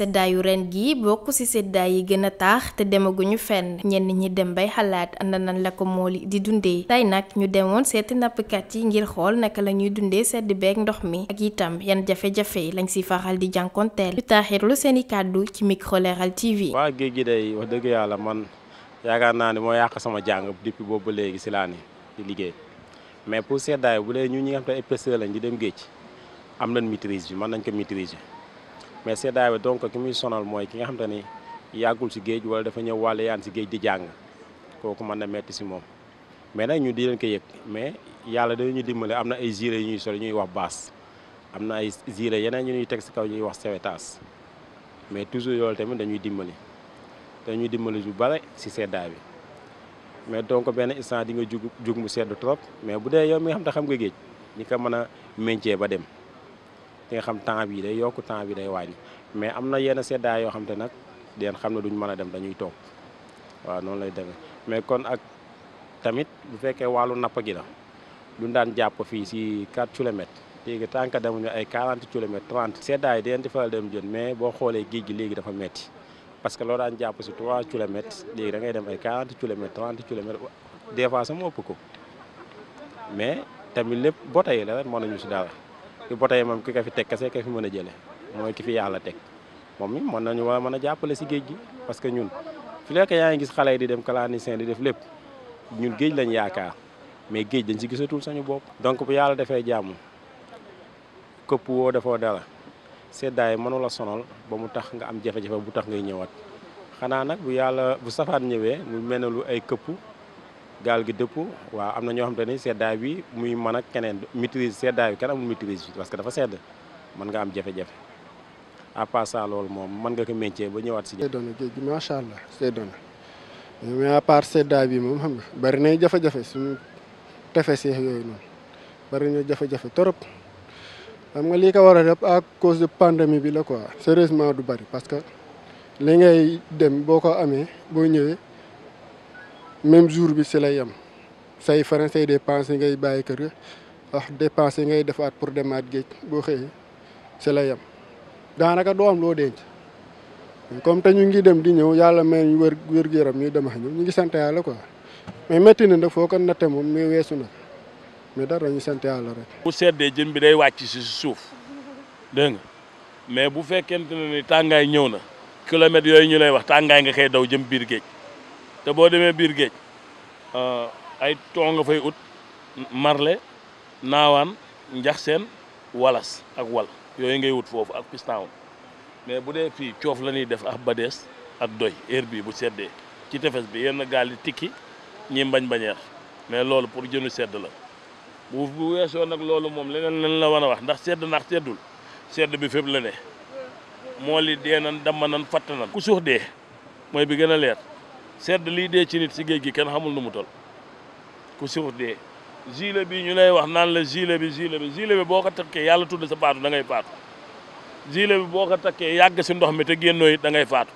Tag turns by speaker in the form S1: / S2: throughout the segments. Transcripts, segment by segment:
S1: seddaayu ren gi bokk ci seddaay yi gën a taax te demaguñu fenn ñenn ñi dem bay xalaat ànd nañ la ko mool di dundee tey nag ñu demoon seeti nappkat yi ngir xool naka la ñuy dundee sedd beeg ndox mi ak itam yan jafe-jafe lañ ci faral di jànkonteel ñu taaxirlu seeni kàddu ci micro Leral TV.
S2: waa géej gi day wax dëgg yàlla man yaakaar naa ne moo yàq sama jàng depuis boobu léegi ci laa ni di liggéey mais pour seddaay bu dee ñu ñi nga xam lañ di dem géej am nañ maîtrise bi mën nañ ko maîtriser mais seddaay bi donc ki muy sonal mooy ki nga xam ni yàggul si géej wala dafa ñëw wàll yaan si géej di jàng kooku mën na metti si moom mais nag ñu di leen yëg mais yàlla dañuy dimbale am na ay gilet yu ñuy sol ñuy wax baas am na ay gilet yeneen ñu ñuy teg si kaw ñuy wax sewetaas mais toujours loolu tamit dañuy dimbali dañuy dimbali bu bare si seddaay bi mais donc benn instant di nga jug jug mu sedd trop mais bu dee yow mi nga xam te xam nga géej ñi ko mën a méncee ba dem di nga xam temps bi day yokk temps bi day wàññi mais am na yenn seddaay yoo xam te nag deen xam ne duñ mën a dem dañuy toog waaw noonu lay demee mais kon ak tamit bu fekkee wàllu napp gi la duñ daan jàpp fii si 4 kilomètres léegi tànk demuñu ay 40 kilomètres 30 seddaay deen di faral dem jën mais boo xoolee géej gi léegi dafa metti parce que loo daan jàpp si 3 kilomètres léegi da ngay dem ay 40 kilomètres 30 kilomètres des fois sama ëpp ko mais tamit lépp bota yi la rek mën nañu si dara ci bote yi moom ki ka fi teg kese ka fi mën a jële mooy ki fi yàlla teg moom mi mën nañu war mën a jàppale si géej gi parce que ñun fi yaa ngi gis xale yi di dem clandestin di def lépp ñun géej lañ yaakaar mais géej dañ si gisatul sañu bopp donc bu yàlla defee jàmm këpp woo defoo dara seddaay mënu la sonal ba mu tax nga am jafe-jafe bu tax ngay ñëwaat xanaa nag bu yàlla bu safaan ñëwee mu mel ay këpp gaal gi dëpp waaw am na ñoo xam te ne seddaa bi muy man ak keneen maîtrise seddaa bi kenn amul maîtrise bi parce que dafa sedd mën nga am jafe-jafe à part ça loolu moom mën nga ko métier ba ñëwaat si. seddoona géej gi macha allah seddoona
S3: mais à part bi moom xam nga bari nay jafe-jafe suñu tefes yeex yooyu noonu bari na jafe-jafe trop xam nga lii ko war a def à cause de pandémie bi la quoi sérieusement du bari parce que li ngay dem boo ko amee boo ñëwee. même jour bi si lay yem say farin say dépenses yi ngay bàyyi kër ga wax dépenses yi ngay defaat pour demaat géej boo xëyee si la yem daanaka doo am loo denc comme te ñu ngi dem di ñëw yàlla may ñu wér wér-gu-yaram ñuy dema ak ñoom ñu ngi sant yàlla quoi mais métti na nag foo ko natte moom muy weesu na mais dara ñu sant yàlla rek.
S4: bu seddee jën bi day wàcc si suuf dégg nga mais bu fekkente ne ni tàngaay ñëw na kilomètres yooyu ñu lay wax tàngaay nga koy daw jëm biir géej. te boo demee biir géej euh, ay ton fay ut marle naawaan njax seen walas ak wal yooyu ngay wut foofu ak piston mais bu dee fii coof la ñuy def ak badees ak doy heure bii bu seddee ci tefes bi yenn gaal yi tikki ñi mbañ bañeer mais loolu pour jënu sedd la bu bu weesoo nag loolu moom leneen lan la war a wax ndax sedd ndax seddul sedd bi fépp la ne moo li dee nan damm nan fatt nan ku suux dee mooy bi gën a leer sedd lii dee ci si géej gi kenn xamul nu mu tol ku siwut dee gilet bi ñu lay wax naan la gilet bi gilet bi gilet boo ko takkee yàlla tudd sa paatu da ngay paatu gilet bi boo ko takkee yàgg si ndox mi te génnoo it da ngay faatu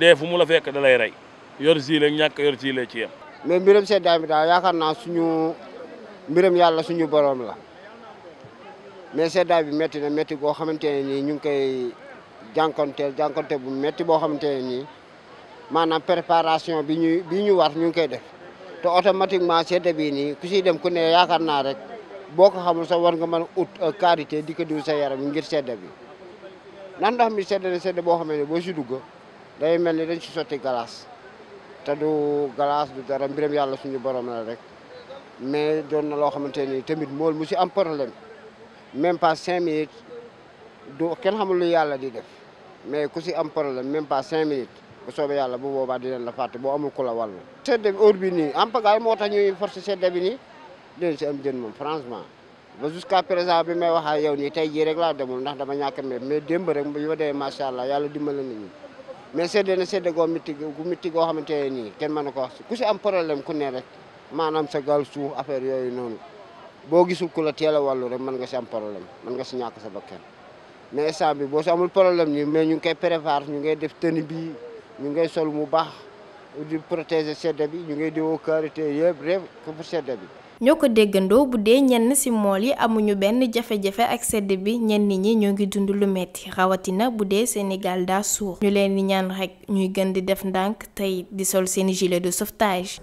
S4: dee fu mu la fekk dalay rey yor gilet ñàkk yor gilet ci yem
S5: mais mbiram seddaay mi daal yaakaar naa suñu mbiram yàlla suñu borom la mais seddaay bi métti na métti goo xamante ne nii ñu ngi koy jànkonteel jànkonte bu métti boo xamante ne nii maanaam préparation bi ñuy bi ñu war ñu ngi koy def te automatiquement seete bii nii ku siy dem ku ne yaakaar naa rek boo ko xamul sax war nga mën a ut euh, di ko diw sa yaram ngir sedda bi nan dax mi sedd na sedd boo xam ne boo si dugg day mel ni dañ si sotti glace te du glace du dara mbiram yàlla suñu borom la rek mais doon na loo xamante ni tamit mool mu si am problème même pas cinq minutes du kenn xamul lu yàlla di def mais ku si am problème même pas cinq minutes bu soobee yàlla bu boobaa dinañ la fàtte boo amul ku la wàllu sedde bi heure bi nii en ñuy forcé sedde bi nii dinañ si am jën moom franchement ba jusqu'à présent bi may wax ak nii tey jii rek laa demul ndax dama ñàkk mais mais démb rek bu ñu na sedde goo mitti goo xamante ne kenn mën ko ku si am problème ku ne rek maanaam sa gaal suuf affaire yooyu noonu boo gisul ku la teel a rek mën nga si am problème mën nga si ñàkk sa bakkan ñu ngay sol mu baax di protéger sedd bi ñu ngay diwoo karité yëpp rek pour sedd bi
S1: ñoo ko déggandoo bu dee ñenn ci mool yi amuñu benn jafe-jafe ak sedd bi ñenn ñi ñoo ngi dund lu metti rawatina bu dee Sénégal daa suux ñu leen di ñaan rekk ñuy gën di def ndànk tey di sol seeni gilet de sauvetage